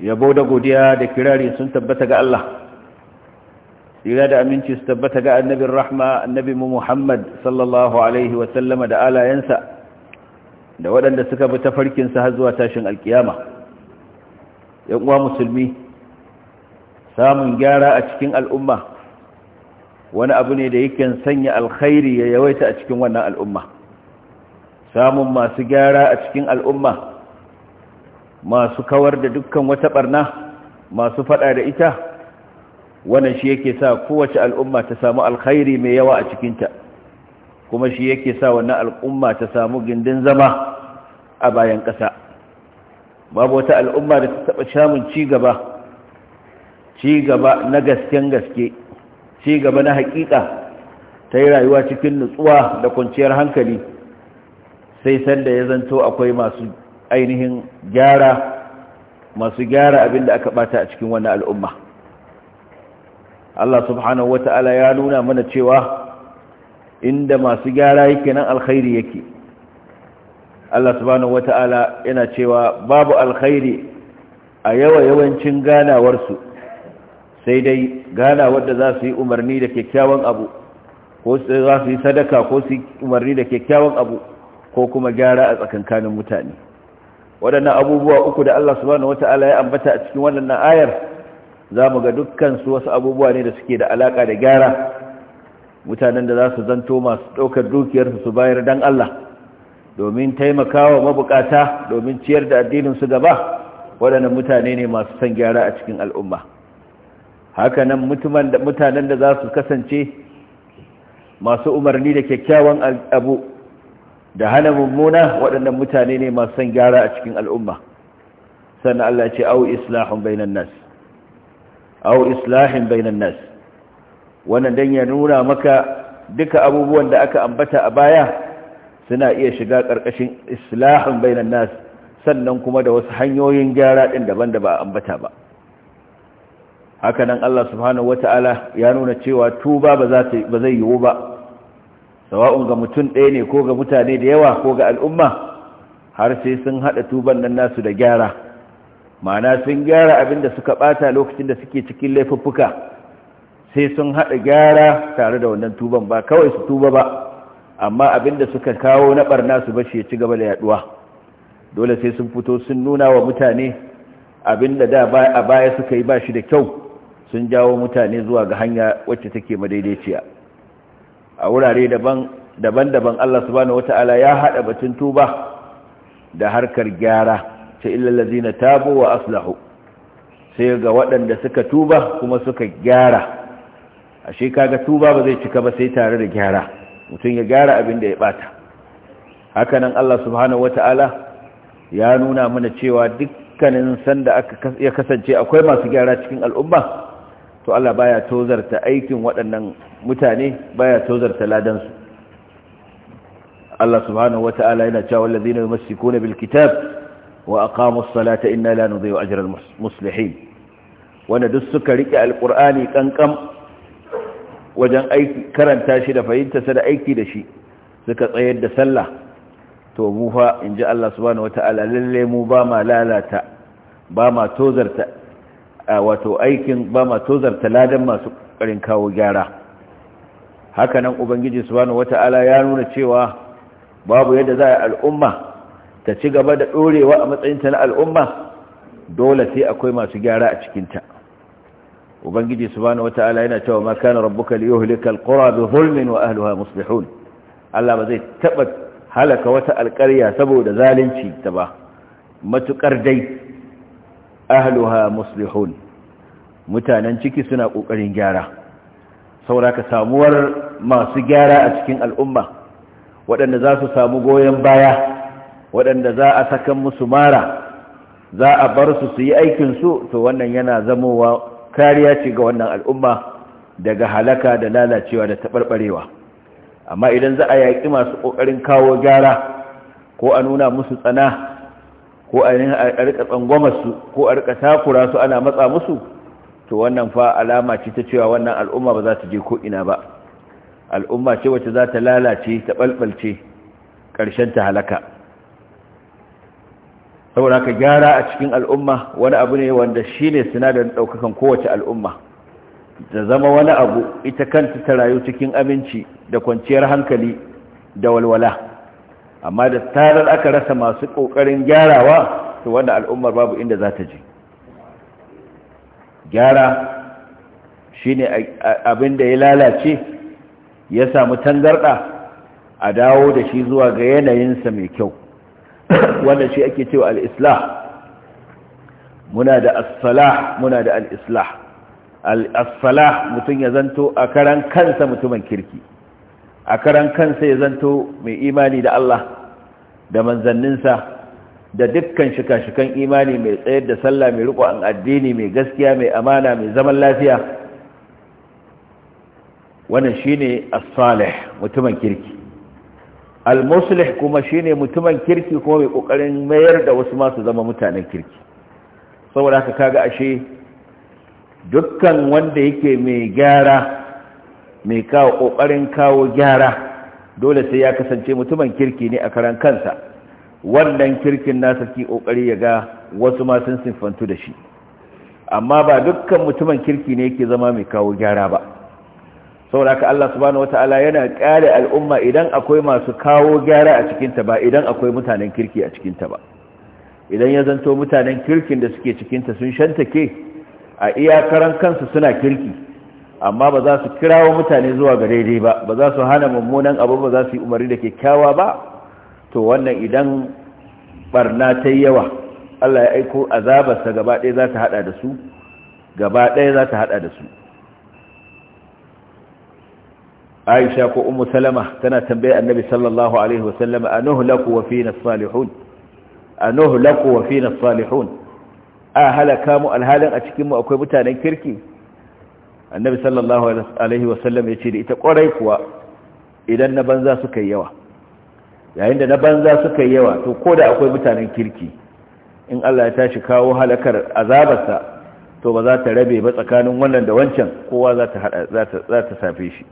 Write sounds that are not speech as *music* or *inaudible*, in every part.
yabo da godiya da kirari sun tabbata ga Allah tsira da aminci su tabbata ga annabin rahma annabi muhammad sallallahu alaihi wasallama da alayensa da waɗanda suka bi tafarkinsa har zuwa tashin alkiyama yan uwa musulmi samun gyara a cikin al'umma wani abu ne da yake sanya alkhairi ya yawaita a cikin wannan al'umma samun masu gyara a cikin al'umma masu kawar da dukkan wata barna masu fada da ita wannan shi yake sa kowace al'umma ta samu alkhairi mai yawa a cikinta kuma shi yake sa wannan al'umma ta samu gindin zama a bayan ƙasa babu wata al'umma da ta taɓa samun cigaba cigaba na gasken gaske cigaba na haƙiƙa ta yi rayuwa cikin nutsuwa da kwanciyar hankali sai sanda ya zanto akwai masu ainihin gyara masu gyara abin da aka bata a cikin wannan al'umma Allah subhanahu wata'ala ya nuna mana cewa inda masu gyara yake nan alkhairi yake Allah subhanahu wata'ala yana cewa babu alkhairi a yawa yawancin ganawarsu sai dai ganawar da za su yi umarni da kyakkyawan abu ko za su yi sadaka ko su yi umarni da kyakkyawan abu ko kuma gyara a tsakankanin mutane waɗannan abubuwa uku da Allah subhanahu wata'ala ya ambata a cikin wannan ayar zamu ga dukkan su wasu abubuwa ne da suke da alaka da gyara mutanen da za su zanto masu ɗaukar dukiyarsu su bayar dan Allah domin taimakawa mabukata domin ciyar da addinin su gaba waɗannan mutane ne masu son gyara a cikin al'umma Haka hakanan mutanen da za su kasance masu umarni da kyakkyawan abu da hana mummuna waɗannan mutane ne masu son gyara a cikin al'umma sannan Allah ce au islahun bainan nas au islahin bainan nas wannan dan ya nuna maka duka abubuwan da aka ambata a baya suna iya shiga ƙarƙashin islahun bainan nas sannan kuma da wasu hanyoyin gyara ɗin daban da ba a ambata ba hakanan Allah subhanahu wata'ala ya nuna cewa tuba ba zai yiwu ba sawa'un ga mutum ɗaya ne ko ga mutane da yawa ko ga al'umma har sai sun haɗa tuban nan nasu da gyara ma'ana sun gyara abin da suka ɓata lokacin da suke cikin laifuffuka sai sun haɗa gyara tare da wannan tuban ba kawai su tuba ba amma abin da suka kawo na ɓarna su ba bashi ya ci gaba da yaɗuwa dole sai sun fito sun nuna wa mutane abin da da a baya suka yi ba shi da kyau sun jawo mutane zuwa ga hanya wacce take madaidaiciya a wurare daban-daban Allah subhanahu ta'ala ya haɗa batun tuba da harkar gyara ta illallazina tabo wa aslahu sai ga waɗanda suka tuba kuma suka gyara ashe kaga tuba ba zai cika ba sai tare da gyara mutum ya gyara abin da ya bata hakanan Allah subhanahu ta'ala ya nuna mana cewa dukkanin sanda aka ya kasance akwai masu gyara cikin al'umma to Allah baya tozarta aikin waɗannan mutane baya tozarta ladansu Allah subhanahu wata'ala yana cewa wallazina yumassikuna bil kitab wa aqamu as-salata inna la nudhi'u ajra al-muslihin wanda duk suka rike alqur'ani kankan wajen aiki karanta shi da fahimta sa da aiki da shi suka tsayar da sallah to mu fa inji Allah subhanahu wata'ala lalle mu ba ma lalata ba ma tozarta wato aikin ba tozarta ladan masu ƙarin kawo gyara hakanan ubangiji subhanahu wata'ala ya nuna cewa babu yadda za a al'umma ta ci gaba da ɗorewa a matsayinta na al'umma dole sai akwai masu gyara a cikinta ubangiji subhanahu wata'ala yana cewa ma kana rabbuka liyuhlika qura bi zulmin wa ahliha muslihun Allah ba zai taba halaka wata alƙarya saboda zalunci ta ba matukar dai ahluha muslihun mutanen ciki suna ƙoƙarin gyara saboda ka samuwar masu gyara a cikin al'umma waɗanda za su samu goyon baya waɗanda za a sakan musu mara za a bar su su yi aikinsu to wannan yana zamowa kariya ce ga wannan al'umma daga halaka da lalacewa da taɓarɓarewa amma idan za a yaƙi masu ƙoƙarin kawo gyara ko a nuna musu tsana ko a rika tsangwama su ko a rika takura su ana matsa musu to wannan fa alama ce ta cewa wannan al'umma ba za ta je ko'ina ba al'umma ce wacce za ta lalace ta ɓalɓalce, ƙarshen ta halaka saboda ka gyara a cikin al'umma wani abu ne wanda shi ne sinadarin ɗaukakan kowace al'umma da zama wani abu ita kanta ta rayu cikin aminci da kwanciyar hankali da walwala amma da tarar aka rasa masu ƙoƙarin gyarawa to wanda al'ummar babu inda za ta je gyara shi ne abin da ya lalace ya samu tangarɗa a dawo da shi zuwa ga yanayinsa mai kyau *coughs* wanda shi ake cewa al'islah muna da asfalah muna da al'islah mutum ya zanto a karan kansa mutumin kirki a karan kansa ya zanto mai imani da Allah da manzanninsa da dukkan shika-shikan imani mai tsayar da sallah mai riko an addini mai gaskiya mai amana mai zaman lafiya wannan shine as-salih mutumin kirki al-muslih kuma shine mutumin kirki kuma mai kokarin mayar da wasu su zama mutanen kirki saboda haka kaga ashe dukkan wanda yake mai gyara mai kawo ƙoƙarin kawo gyara dole sai ya kasance mutumin kirki ne a karan kansa wannan kirkin nasa ki ƙoƙari ya ga wasu ma sun sinfantu da shi amma ba dukkan mutumin kirki ne yake zama mai kawo gyara ba saboda ka Allah subhanahu wataala yana ƙare al'umma idan akwai masu kawo gyara a cikinta ba idan akwai mutanen kirki a cikinta ba idan ya zanto mutanen kirkin da suke cikinta sun shantake a iyakaran kansu suna kirki amma ba za su kirawo mutane zuwa ga daidai ba ba za su hana mummunan abu ba za su yi umarni da kyakkyawa ba to wannan idan barna ta yi yawa Allah ya aiko azabarsa gaba ɗaya za ta haɗa da su gaba ɗaya za ta haɗa da su Aisha ko Ummu Salama tana tambaye Annabi sallallahu alaihi wasallam laku wa fina salihun laku wa fina salihun a halaka mu alhalin a cikinmu akwai mutanen kirki annabi sallallahu alaihi wasallam ya ce da ita kwarai kuwa idan na banza suka yi yawa yayin da na banza suka yi yawa to ko da akwai mutanen kirki in Allah ya tashi kawo halakar azabarsa to ba za ta rabe ba tsakanin wannan da wancan kowa za ta safe shi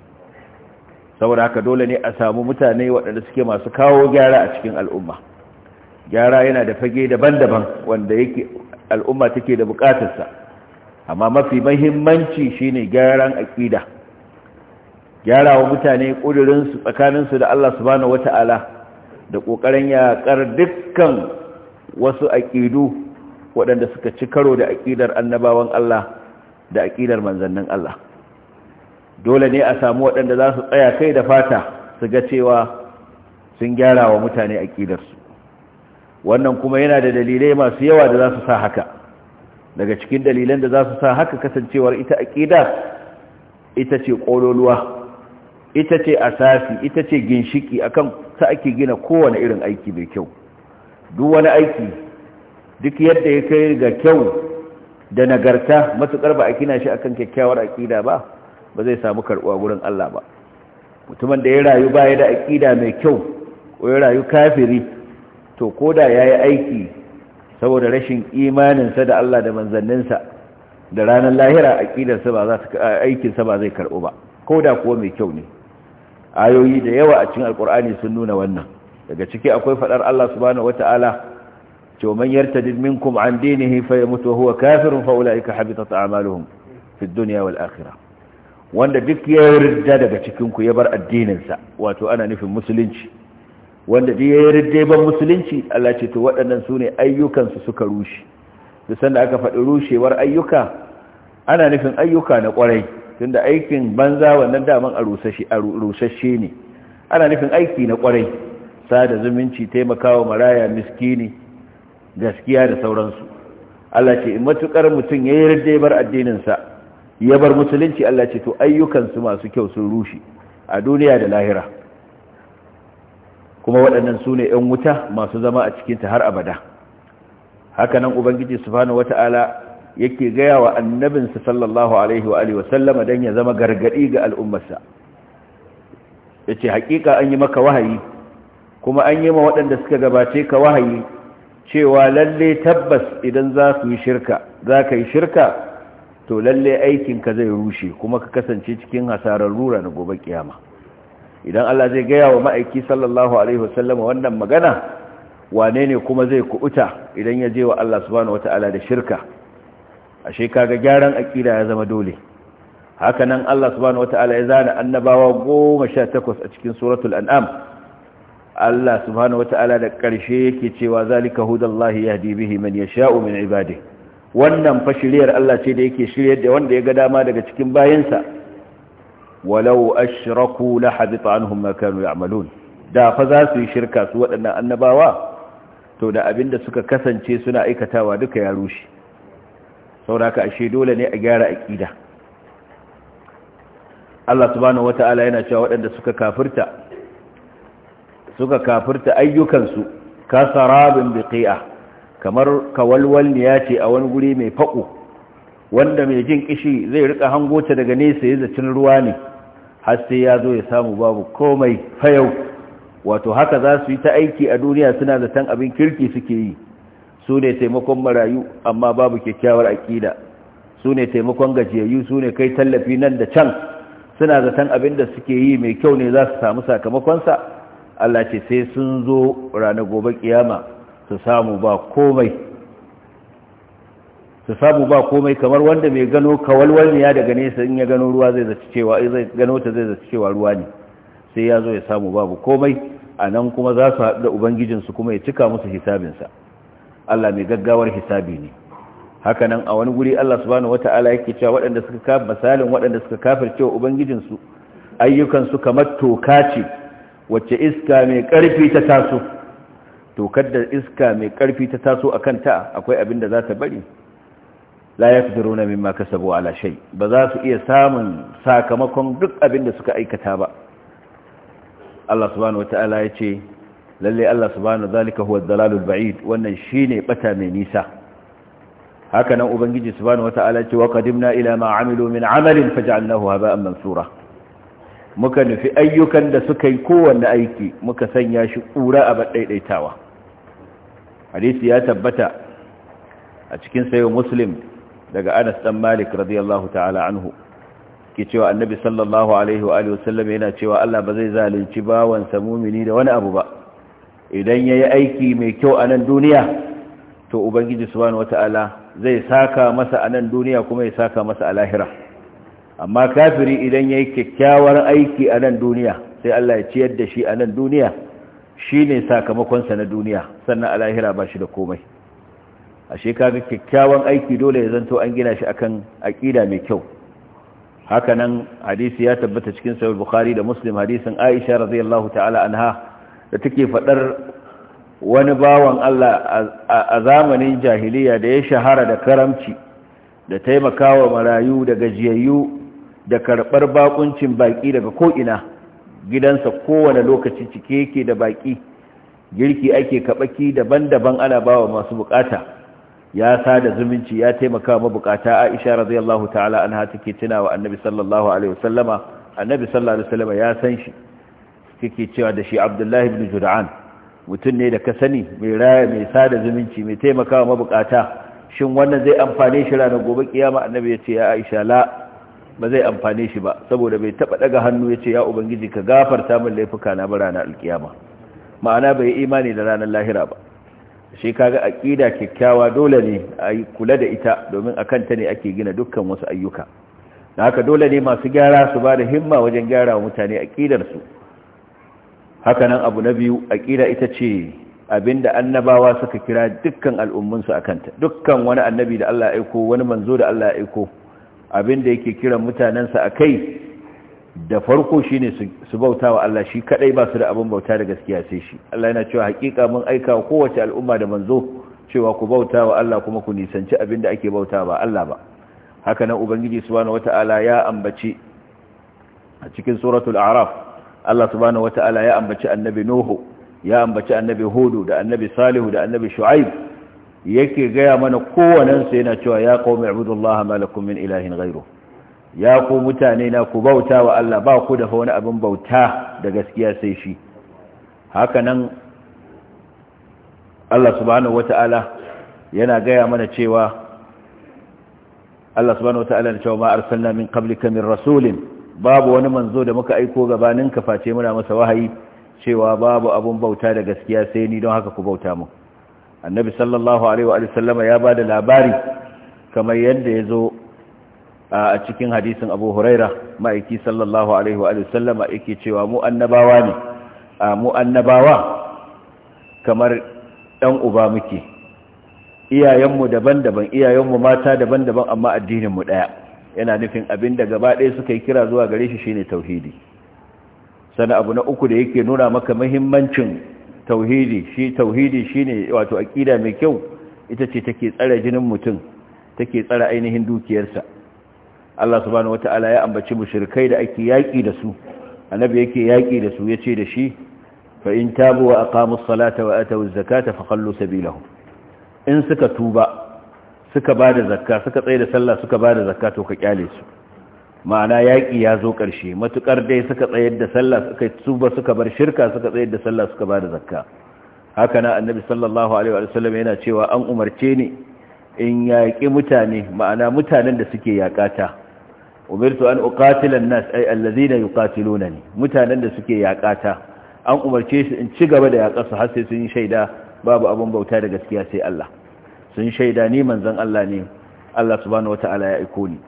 saboda haka dole ne a samu mutane waɗanda suke masu kawo gyara a cikin al'umma gyara yana da fage daban-daban wanda yake al'umma take da bukatarsa amma mafi mahimmanci shine gyaran aƙida gyara wa mutane tsakanin su da Allah subhanahu wata'ala da ƙoƙarin yaƙar dukkan wasu aƙidu waɗanda suka ci karo da aƙidar annabawan Allah da aƙidar manzannin Allah dole ne a samu waɗanda za su tsaya kai da fata su ga cewa sun gyara wa mutane aƙidarsu wannan kuma yana da dalilai masu yawa da za su sa haka daga cikin dalilan da za su sa haka kasancewar ita aƙida ita ce ƙololuwa ita ce asafi ita ce ginshiki akan ta ake gina kowane irin aiki mai kyau duk wani aiki duk yadda ya kai ga kyau da nagarta matuƙar ba a gina shi akan kyakkyawar aƙida ba ba zai samu karɓuwa wurin Allah ba mutumin da ya rayu baya da aƙida mai kyau ko ya rayu kafiri to koda yayi aiki saboda rashin imaninsa da Allah da manzanninsa da ranar lahira aqidarsa ba za aikinsa ba zai karɓo ba ko da kuwa mai kyau ne ayoyi da yawa a cikin Alƙur'ani sun nuna wannan daga ciki akwai faɗar Allah subhanahu wataala to man yartadid minkum an dinihi ya wa huwa kafirun fa ulaika habitat a'maluhum fi dunya wal akhirah wanda duk ya yarda daga cikin ku ya bar addininsa wato ana nufin musulunci wanda duk ya yi ban musulunci Allah ce to waɗannan su ne ayyukansu suka rushe da da aka faɗi rushewar ayyuka ana nufin ayyuka na ƙwarai tunda aikin banza wannan daman a rusashe ne ana nufin aiki na ƙwarai sada zumunci taimakawa maraya miskini gaskiya da sauransu Allah ce in matukar mutum ya yi addinin addininsa ya bar musulunci Allah ce to ayyukansu masu kyau sun rushe a duniya da lahira kuma waɗannan su ne 'yan wuta masu zama a cikinta har abada hakanan ubangiji subhanahu wata'ala yake gaya wa annabinsa sallallahu alaihi wa alihi wasallama don ya zama gargaɗi ga al'ummarsa ya ce haƙiƙa an yi maka wahayi kuma an yi ma waɗanda suka gabace ka wahayi cewa lalle tabbas idan za su yi shirka za ka yi shirka to lalle aikinka zai rushe kuma ka kasance cikin hasararru na gobe kiyama idan Allah zai gaya wa ma'aiki sallallahu alaihi wasallam wannan magana wane ne kuma zai kuɓuta idan ya je wa Allah subhanahu da shirka ashe kaga gyaran akida ya zama dole haka nan Allah subhanahu ya zana annabawa goma sha takwas a cikin suratul an'am Allah subhanahu da ƙarshe yake cewa zalika hudallahi yahdi bihi man sha'o min ibadi. wannan fashiriyar Allah ce da yake shiryar da wanda ya ga dama daga cikin bayansa walau ashraku la habita anhum ma kanu ya'malun da fa za su yi shirka su waɗannan annabawa to da abinda suka kasance suna aikatawa duka ya rushe sauraka ashe dole ne a gyara aqida Allah subhanahu wata'ala yana cewa waɗanda suka kafirta suka kafirta ayyukansu kasarabin biqi'a kamar kawalwalniya ce a wani guri mai faƙo wanda mai jin kishi zai rika hango ta daga nesa ya zacin ruwa ne har sai ya zo ya samu babu komai fayau wato haka za su yi ta aiki a duniya suna da tan abin kirki suke yi su ne taimakon marayu amma babu kyakkyawar aƙida su ne taimakon gajiyayyu su ne kai tallafi nan da can suna da tan abin da suke yi mai kyau ne za su samu sakamakonsa Allah ce sai sun zo ranar gobe kiyama su samu ba komai su samu ba komai kamar wanda mai gano ya daga nesa in ya gano ruwa zai zaci cewa eh, zai gano ta zai zaci cewa ruwa ne sai ya zo ya samu babu komai a nan kuma za su haɗu da ubangijinsu kuma ya cika musu hisabinsa Allah mai gaggawar hisabi ne haka nan a wani guri Allah subhanahu wata'ala yake cewa waɗanda suka kafa misalin waɗanda suka kafirce cewa ubangijinsu ayyukansu kamar toka ce wacce iska mai ƙarfi ta taso tokar da iska mai ƙarfi ta taso akan ta akwai abin da za ta bari la yaqdiruna mimma kasabu ala shay ba za su iya samun sakamakon duk abin da suka aikata ba Allah subhanahu wataala yace lalle Allah subhanahu zalika huwa ad-dalalul ba'id wannan shine bata mai nisa haka nan ubangiji subhanahu wataala yace wa qadimna ila ma amilu min amalin faj'alnahu haba'an mansura muka nufi ayyukan da suka yi kowanne aiki muka sanya shi kura a baddaidaitawa hadisi ya tabbata a cikin sayo muslim daga Anas dan Malik radiyallahu ta'ala anhu ke cewa annabi sallallahu alaihi wa sallam yana cewa Allah ba zai zalunci bawan samumini da wani abu ba idan yayi aiki mai kyau a nan duniya to ubangiji subhanahu wataala zai saka masa a nan duniya kuma ya saka masa a lahira amma kafiri idan yayi kyakkyawar aiki a nan duniya sai Allah ya ciyar da shi a nan duniya shine sakamakon sa na duniya sannan a lahira ba shi da komai ashe kaga kyakkyawan aiki dole ya zanto an gina shi akan aqida mai kyau haka nan hadisi ya tabbata cikin sahih bukhari da muslim hadisin aisha radiyallahu ta'ala anha da take fadar wani bawan Allah a zamanin jahiliya da ya shahara da karamci da taimakawa marayu da gajiyayyu da karbar bakuncin baki daga ko ina gidansa kowane lokaci cike yake da baki girki ake kabaki daban-daban ana bawa masu bukata ya sada zumunci ya taimaka mabukata Aisha radiyallahu ta'ala anha take tunawa Annabi sallallahu alaihi wasallama Annabi sallallahu alaihi wasallama ya san shi cewa da shi Abdullah ibn Jud'an mutum ne da ka sani mai raya mai sada zumunci mai taimaka mabukata shin wannan zai amfane shi ranar gobe kiyama Annabi ya ce ya Aisha la ba zai amfane shi ba saboda bai taba daga hannu ya ce ya ubangiji ka gafarta min laifuka na ba ranar alkiyama ma'ana bai imani da ranar lahira ba shi kaga aqida kyakkyawa dole ne a kula da ita domin akan ta ne ake gina dukkan wasu ayyuka haka dole ne masu gyara su ba da himma wajen gyara wa mutane aqidar su haka nan abu na biyu aqida ita ce abinda annabawa suka kira dukkan al'ummun su kanta dukkan wani annabi da Allah ya aiko wani manzo da Allah ya aiko abinda yake kiran mutanansa akai da farko shine su bauta wa Allah shi kadai ba su da abin bauta da gaskiya sai shi Allah yana cewa hakika mun aika wa kowace al'umma da manzo cewa ku bauta wa Allah kuma ku nisanci abin da ake bauta ba Allah ba haka nan ubangiji subhanahu wataala ya ambaci a cikin suratul a'raf Allah subhanahu wataala ya ambaci annabi nuhu ya ambaci annabi hudu da annabi salihu da annabi shu'aib yake gaya mana kowanensu yana cewa ya qaumi ibudullaha ma min ilahin ghayruhu ya ku mutane na ku bauta wa Allah ba ku dafa wani abin bauta da gaskiya sai shi haka Allah subhanahu wata'ala yana gaya mana cewa Allah subhanahu wata'ala na cewa ma arsalna min qablika min rasulin babu wani manzo da muka aiko gabanin ka face muna masa wahayi cewa babu abun bauta da gaskiya sai ni don haka ku bauta mu annabi sallallahu alaihi wa sallama ya bada labari kamar yadda ya zo a cikin hadisin abu huraira ma'aiki sallallahu alaihi wa sallama yake cewa mu annabawa ne mu annabawa kamar ɗan uba muke iyayenmu daban-daban iyayenmu mata daban-daban amma mu ɗaya yana nufin abin da gaba ɗaya suka yi kira zuwa gare shi shine tauhidi sana abu na uku da yake nuna maka muhimmancin tauhidi shi tauhidi shine wato aƙida mai kyau ita ce take tsara jinin mutum take tsara ainihin dukiyarsa Allah subhanahu wata'ala ya ambaci mushrikai da ake yaki da su annabi yake yaki da su yace da shi fa in tabu wa aqamus salata wa atawuz zakata fakhallu sabilahum in suka tuba suka bada zakka suka tsaye da sallah suka bada zakka to ka kyale su ma'ana yaki ya zo karshe matukar dai suka tsayar da sallah suka tuba suka bar shirka suka tsayar da sallah suka bada zakka haka na annabi sallallahu alaihi wa sallam yana cewa an umarce ni in yaƙi mutane ma'ana mutanen da suke yaƙata umirtu an uqatila an-nas ay alladhina yuqatilunani mutanen da suke yakata an umarce su in ci gaba da su, har sai sun yi shaida babu abun bauta da gaskiya sai Allah sun shaida ni manzon Allah ne Allah subhanahu wataala ya aiko ni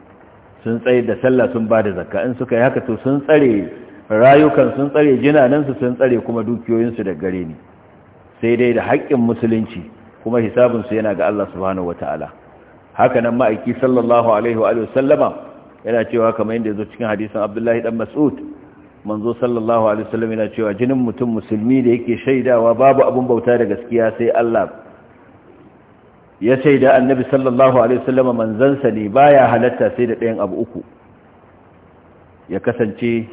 sun tsaye da sallah sun bada zakka in suka yi haka to sun tsare rayukan sun tsare jinanansu sun tsare kuma dukiyoyin su da gare ni sai dai da haƙƙin musulunci kuma hisabinsu yana ga Allah subhanahu wataala haka nan ma'aiki sallallahu alaihi wa sallama yana cewa kamar yadda zo cikin hadisin Abdullahi dan Mas'ud manzo sallallahu alaihi wasallam yana cewa jinin mutum musulmi da yake shaidawa babu abun bauta da gaskiya sai Allah ya shaida annabi sallallahu alaihi wasallam manzansa ne baya halatta sai da ɗayan abu uku ya kasance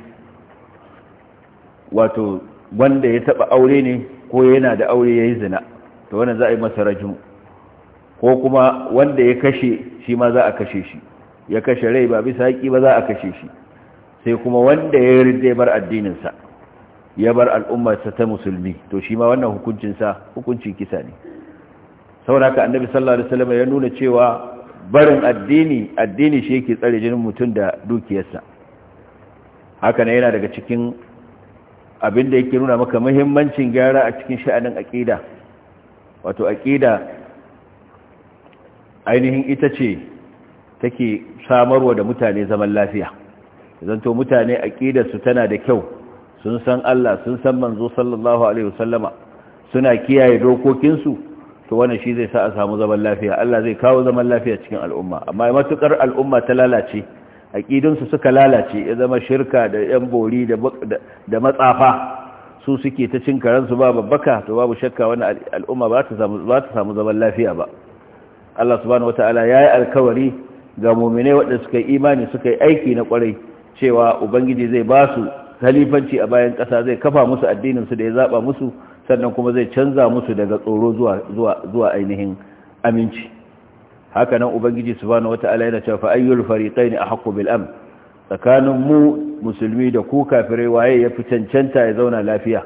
wato wanda ya taba aure ne ko yana da aure yayi zina to wannan za a yi masa rajum ko kuma wanda ya kashe shi ma za a kashe shi ya kashe rai ba bisa haƙi ba za a kashe shi sai kuma wanda ya rinda ya bar addininsa ya bar al'ummarsa ta musulmi to shi ma wannan hukuncinsa hukuncin kisa ne saboda annabi sallallahu alaihi wasallam ya nuna cewa barin addini addini shi yake tsare jinin mutum da dukiyarsa haka ne yana daga cikin abin da yake nuna maka muhimmancin gyara a cikin sha'anin aqida wato aqida ainihin ita ce take samarwa da mutane zaman lafiya zanto mutane aqidarsu tana da kyau sun san Allah sun san manzo sallallahu alaihi wasallama suna kiyaye dokokinsu to wannan shi zai sa a samu zaman lafiya Allah zai kawo zaman lafiya cikin al'umma amma matukar al'umma ta lalace aqidunsu suka lalace ya zama shirka da yan bori da da matsafa su suke ta cin karansu ba babbaka to babu shakka wannan al'umma ba ta samu ba ta samu zaman lafiya ba Allah subhanahu wataala yayi alkawari ga muminai waɗanda suka yi imani suka yi aiki na kwarai cewa ubangiji zai ba su halifanci a bayan ƙasa zai kafa musu addininsu da ya zaɓa musu sannan kuma zai canza musu daga tsoro zuwa ainihin aminci haka nan ubangiji subhanahu wata'ala yana cewa fa ayyul fariqain ahqqu bil am tsakanin mu musulmi da ku kafirai waye ya fi cancanta ya zauna lafiya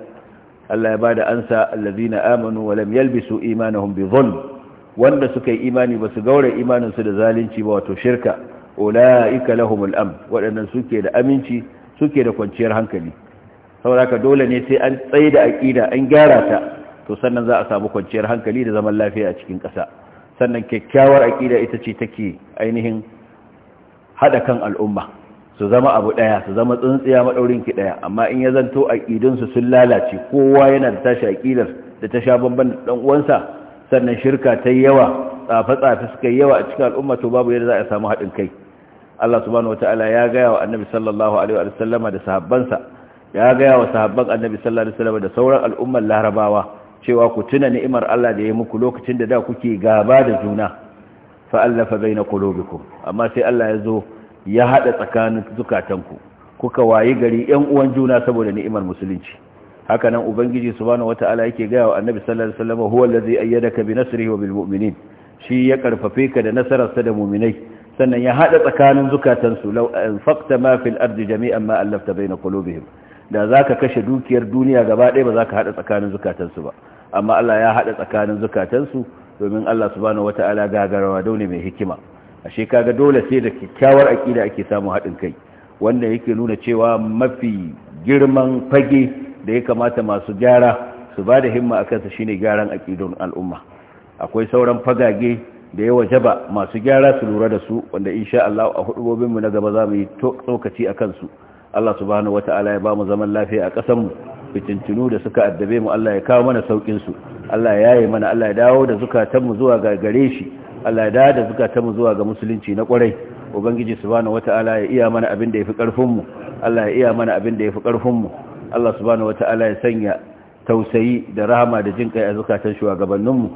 Allah ya ba da ansa allazina amanu wa lam yalbisu imanahum bi dhulm wanda suka yi imani ba su gaura imaninsu da zalunci ba wato shirka ula'ika lahumul am waɗannan suke da aminci suke da kwanciyar hankali saboda dole ne sai an tsaye da aƙida an gyara ta to sannan za a samu kwanciyar hankali da zaman lafiya a cikin ƙasa sannan kyakkyawar aƙida ita ce take ainihin haɗa kan al'umma su zama abu ɗaya su zama tsintsiya maɗaurin ki ɗaya amma in ya zanto aƙidunsu sun lalace kowa yana da tashi aƙidar da ta sha bamban ɗan uwansa sannan shirka ta yawa tsafe-tsafe suka yawa a cikin al'umma to babu yadda za a samu haɗin kai Allah subhanahu wataala ya gaya wa annabi sallallahu alaihi wa sallama da sahabbansa ya gaya wa sahabban annabi sallallahu alaihi wa sallama da sauran al'ummar larabawa cewa ku tuna ni'imar Allah da ya muku lokacin da da kuke gaba da juna allafa baina qulubikum amma sai Allah ya zo ya hada tsakanin zukatanku kuka wayi gari ƴan uwan juna saboda ni'imar musulunci haka nan ubangiji subhanahu wataala yake gaya wa annabi sallallahu alaihi wasallam huwa allazi ayyadaka bi nasrihi wa bil mu'minin shi ya karfafe ka da nasararsa da mu'minai sannan ya hada tsakanin zukatansu law anfaqta ma fil ardi jami'an ma allafta bayna qulubihim da zaka kashe dukiyar duniya gaba ɗaya ba zaka hada tsakanin zukatansu ba amma Allah ya hada tsakanin zukatansu domin Allah subhanahu wataala gagarawa daune mai hikima ashe kaga dole sai da kyakkyawar akida ake samu hadin kai wanda yake nuna cewa mafi girman fage da ya kamata masu gyara su ba da himma a kansa shine gyaran aƙidon al'umma akwai sauran fagage da ya wajaba masu gyara su lura da su wanda insha Allah a hudubobinmu na gaba za mu yi tsokaci a kansu Allah subhanahu ala ya ba mu zaman lafiya a ƙasanmu fitintinu da suka addabe mu Allah ya kawo mana saukin su Allah ya yi mana Allah ya dawo da zukatanmu zuwa ga gare shi Allah ya dawo da zukatanmu zuwa ga musulunci na ƙwarai ubangiji subhanahu ala ya iya mana abin da ya fi ƙarfinmu Allah ya iya mana abin da ya fi mu Allah subhanahu wata'ala ya sanya tausayi da rahama da jin kai a zukatan shugabanninmu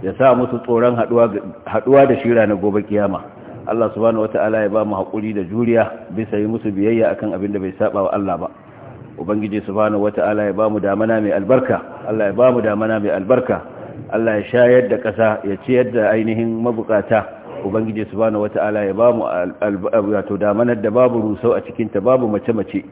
ya sa musu tsoron haduwa da shira na gobe kiyama Allah subhanahu wata'ala ya ba mu haƙuri da juriya bisa yi musu biyayya akan abin da bai saba wa Allah ba ubangiji subhanahu wata'ala ya ba mu damana mai albarka Allah ya ba mu damana mai albarka Allah ya shayar da ƙasa ya ciyar da ainihin mabukata ubangiji subhanahu wata'ala ya ba mu wato damanar da babu rusau a cikin ta babu mace-mace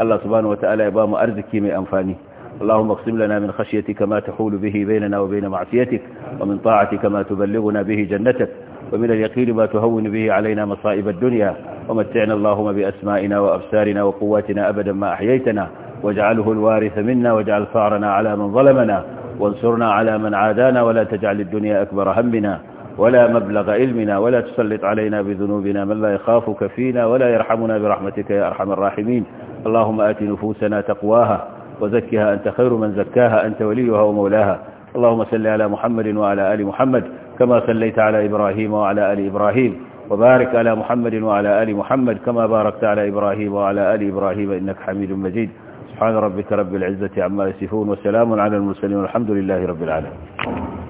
الله سبحانه وتعالى يبام أرزكي من أنفاني اللهم اقسم لنا من خشيتك ما تحول به بيننا وبين معصيتك ومن طاعتك ما تبلغنا به جنتك ومن اليقين ما تهون به علينا مصائب الدنيا ومتعنا اللهم بأسمائنا وأبصارنا وقواتنا أبدا ما أحييتنا واجعله الوارث منا واجعل ثارنا على من ظلمنا وانصرنا على من عادانا ولا تجعل الدنيا أكبر همنا ولا مبلغ علمنا ولا تسلط علينا بذنوبنا من لا يخافك فينا ولا يرحمنا برحمتك يا أرحم الراحمين اللهم آت نفوسنا تقواها وزكها أنت خير من زكاها أنت وليها ومولاها اللهم صل على محمد وعلى آل محمد كما صليت على إبراهيم وعلى آل إبراهيم وبارك على محمد وعلى آل محمد كما باركت على إبراهيم وعلى آل إبراهيم إنك حميد مجيد سبحان ربك رب العزة عما يصفون وسلام على المرسلين والحمد لله رب العالمين